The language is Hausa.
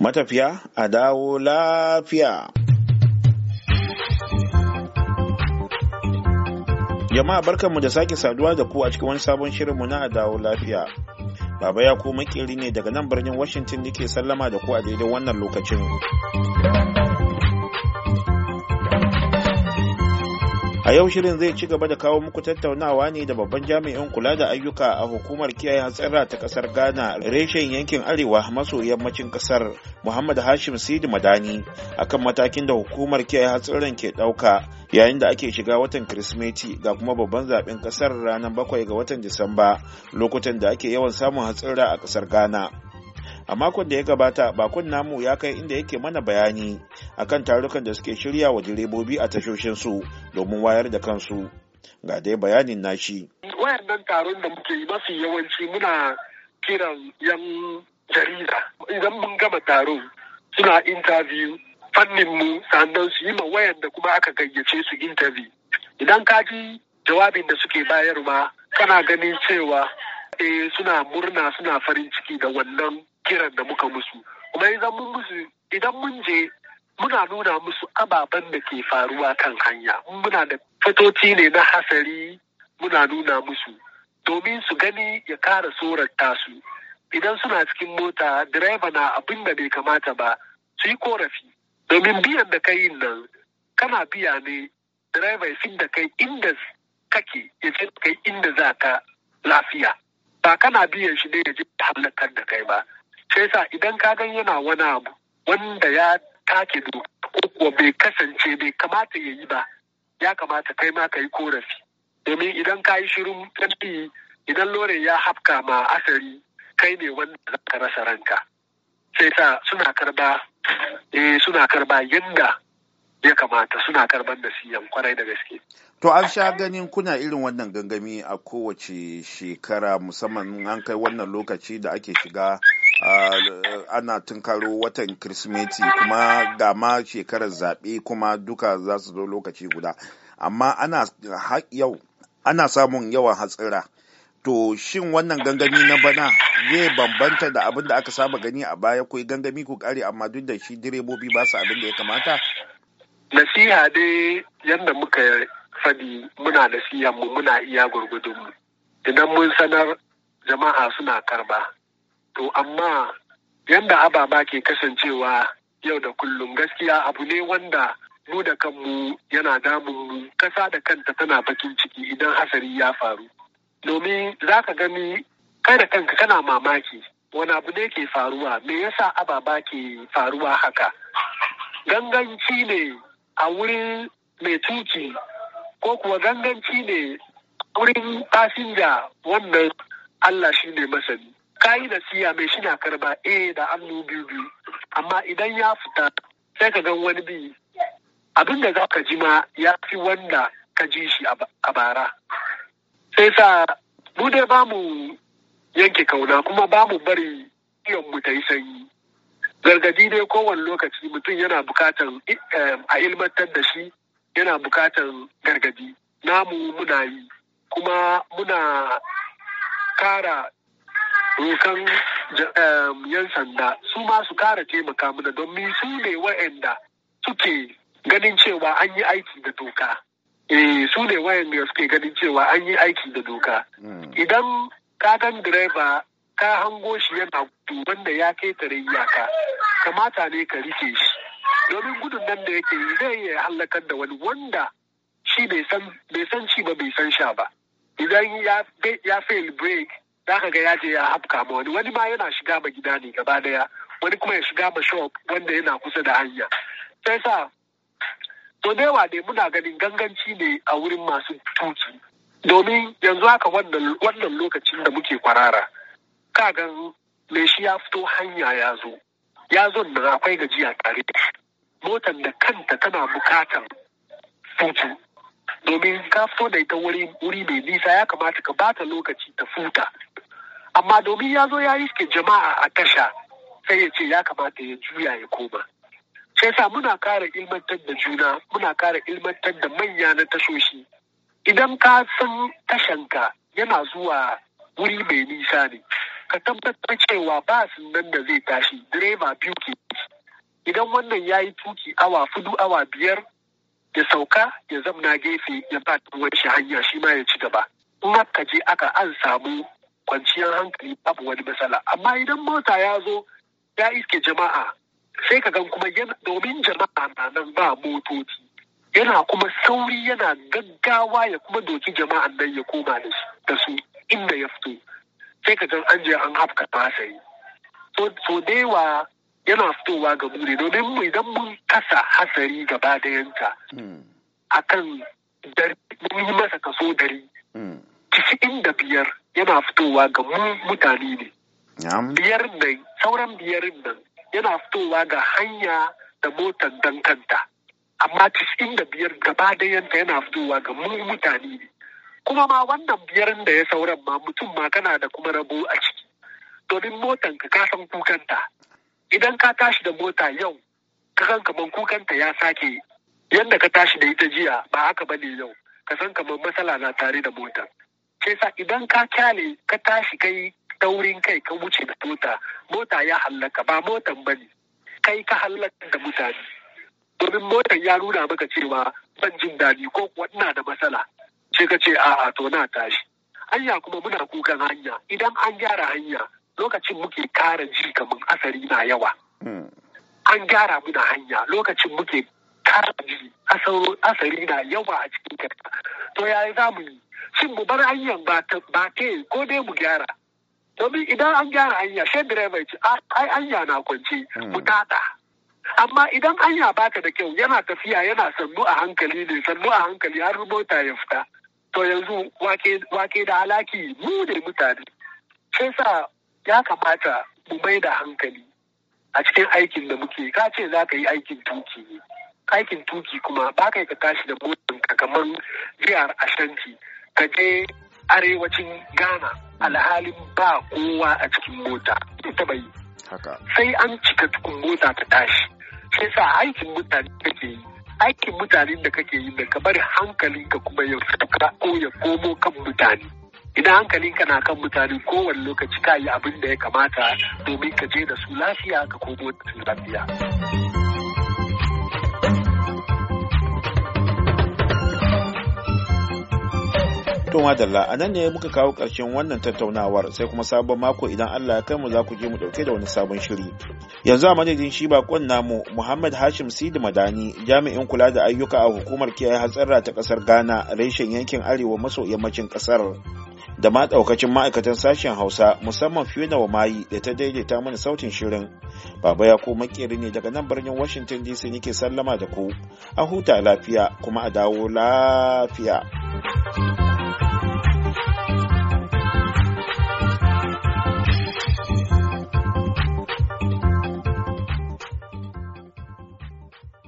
matafiya a dawo lafiya. Jama'a barkanmu da sake saduwa da ku a cikin wani sabon shirinmu na a dawo lafiya. Baba ya ko makeri ne daga nan birnin Washington yake sallama da ku a daidai wannan lokacin. A yau shirin zai ci gaba da kawo muku tattaunawa ne da babban jami'in kula da ayyuka a hukumar kiyaye hatsarra ta kasar Ghana reshen yankin Arewa maso yammacin kasar Muhammad Hashim Sidi Madani akan matakin da hukumar kiyaye hatsarin ke ɗauka yayin da ake shiga watan Kirsimeti ga kuma babban zaben kasar ranar bakwai ga watan Disamba lokutan da ake yawan samun hatsarra a kasar Ghana. a makon da ya gabata bakon namu ya kai inda yake mana bayani akan tarukan da suke shirya wa direbobi a tashoshinsu domin wayar da kansu ga dai bayanin nashi wayannan taron da muke mafi yawanci muna kiran yan jarida idan mun gama taron suna interview fannin mu sannan su yi ma wayar da kuma aka gayyace su interview idan ka ji jawabin da suke bayarwa kana ganin cewa eh suna murna suna farin ciki da wannan kiran da muka musu kuma idan mun musu idan mun je muna nuna musu ababen da ke faruwa kan hanya muna da fitoci ne na hasari muna nuna musu domin su gani ya kara tsorata su idan suna cikin mota direba na abin da bai kamata ba su yi korafi domin biyan da kai nan kana biya ne direba ya da kai inda kake ya ce kai inda za ka lafiya ba kana biyan shi ne ya ji halakar da kai ba sai sa idan ka gan yana wani abu wanda ya take doka ko kuwa bai kasance bai kamata ya yi ba ya kamata kai ma ka yi korafi domin idan ka yi shirin ɗanɗi idan lore ya hafka ma asari kai ne wanda za ka rasa ranka sai sa suna karba eh suna karba yanda ya kamata suna karban da siyan kwarai da gaske to an sha ganin kuna irin wannan gangami a kowace shekara musamman an kai wannan lokaci da ake shiga ana tunkaro watan kirsimeti kuma ga ma shekarar zaɓe kuma duka za su zo lokaci guda amma ana samun yawan hatsira to shin wannan gangami na bana zai bambanta da abin da aka saba gani a baya ko gangami ku kare amma duk da shi direbobi ba su abin da ya kamata nasiha dai yadda muka fadi muna nasiha mu muna iya gurgudun mu idan mun sanar jama'a suna karba To amma yadda ababa ke kasancewa yau da kullum gaskiya abu ne wanda mu da kanmu yana damun mu kasa da kanta tana bakin ciki idan hasari ya faru. Domin za ka gani kai da kanka kana mamaki wani abu ne ke faruwa me yasa ababa ke faruwa haka. Ganganci ne a wurin mai tuki ko kuwa ganganci ne wurin fasinja wannan Allah shi ne masani. ka yi siya mai shi na karba A da annu biyu biyu amma idan ya fita sai ka gan wani bi abin da za ka ji ma ya fi wanda ka ji shi a bara sai sa mu dai ba mu yanke kauna kuma ba mu bari iyon mu ta yi sanyi gargadi dai kowane lokaci mutum yana bukatan eh, a ilmantar da shi yana bukatan gargadi namu muna yi kuma muna kara rokan um, yan sanda su ma su kara taimaka mana domin su ne wa'anda suke ganin cewa an yi aiki da doka. Eh su ne wa'anda suke ganin cewa an yi aiki da doka. Hmm. Idan ka gan direba ka hango shi yana duban da ya ketare iyaka kamata ne ka rike shi domin gudun nan da yake yi zai iya hallakar da wani wanda shi bai san ci ba bai san sha ba idan ya fail break za ka ga ya ya hafka ma wani wani ma yana shiga ma gida ne gaba daya wani kuma ya shiga ma shop wanda yana kusa da hanya sai sa to da yawa ne muna ganin ganganci ne a wurin masu tuki domin yanzu haka wannan lokacin da muke kwarara ka ga me shi ya fito hanya ya zo ya zo da akwai gajiya tare motar da kanta tana bukatar futu domin ka fito da ita wuri mai nisa ya kamata ka bata lokaci ta futa amma domin ya zo ya yi ke jama'a a tasha sai ya ce ya kamata ya juya ya koma sai sa muna kara ilmantar da juna muna kara ilmantar da manya na tashoshi idan ka san tashanka yana zuwa wuri mai nisa ne ka tabbatar cewa ba nan da zai tashi direba biyu ke idan wannan ya yi tuki awa fudu awa biyar ya sauka ya zamna gefe ya ba wani hanya shi ma ya ci gaba in aka je aka an samu kwanciyar hankali babu wani matsala amma idan mota ya zo ya iske jama'a sai ka gan kuma domin jama'a na nan ba motoci yana kuma sauri yana gaggawa ya kuma doki jama'an nan ya koma da su inda ya fito sai ka gan an je an hafka masayi so da yawa yana fitowa ga mu domin mu idan mun kasa hasari gaba da dayanta hmm. akan dari mun yi masa kaso dari hmm. Cikin da biyar yana fitowa ga mu mutane ne. Biyar nan, sauran biyar nan yana fitowa ga hanya da motar dan kanta. Amma cikin da biyar gaba dayanta yana fitowa ga mu mutane ne. Kuma ma wannan biyar da ya sauran ma mutum ma kana da kuma rabo a ciki. Domin motan ka kasan kukanta. Idan ka tashi da mota yau, ka kan kaman kukanta ya sake yadda ka tashi da ita jiya ba haka ne yau. ka san kamar matsala na tare da motar Ke sa idan ka kyale ka tashi kai daurin kai ka wuce da mota, mota ya hallaka ba motan ba ne. Kai ka hallaka da mutane. Domin motan ya nuna maka cewa ban jin daɗi ko kuwa da matsala. Sai ka ce a'a to na tashi. Hanya kuma muna kukan hanya idan an gyara hanya lokacin muke kara ji kamar asari na yawa. An gyara muna hanya lokacin muke kara ji asari na yawa a cikin karta. To yaya za mu yi? shin mu bar hanyar ba ta ko dai mu gyara domin idan an gyara hanya sai direba ce ah, ai hanya na kwance hmm. mu tada amma idan hanya baka da kyau yana tafiya yana sannu a hankali ne sannu a hankali har mota ya fita to yanzu wake da alaki mu ne mutane sai sa ya kamata mu mai da hankali a cikin aikin da muke ka ce za ka yi aikin tuki aikin tuki kuma ba ka tashi da motan ka kamar jihar ashanti ka arewacin ghana alhalin ba kowa a cikin mota ita bai sai an cika tukun mota ta tashi sai sa aikin mutane kake yi aikin mutane da kake yi da ka bari hankalinka kuma ya fuka ko ya komo kan mutane idan hankalinka na kan mutane kowane lokaci ka yi abin da ya kamata domin ka je da su lafiya ka komo da su lafiya. To madalla a nan ne muka kawo ƙarshen wannan tattaunawar sai kuma sabon mako idan Allah ya kai mu za ku je mu ɗauke da wani sabon shiri. Yanzu a madadin shi bakon namu Muhammad Hashim Sidi Madani jami'in kula da ayyuka a hukumar kiyaye hatsarra ta kasar Ghana reshen yankin arewa maso yammacin ƙasar. Da ma ɗaukacin ma'aikatan sashen Hausa musamman Fiona wa Mayi da ta daidaita mana sautin shirin. Baba ya ko makeri ne daga nan birnin Washington DC nake sallama da ku. A huta lafiya kuma a dawo lafiya.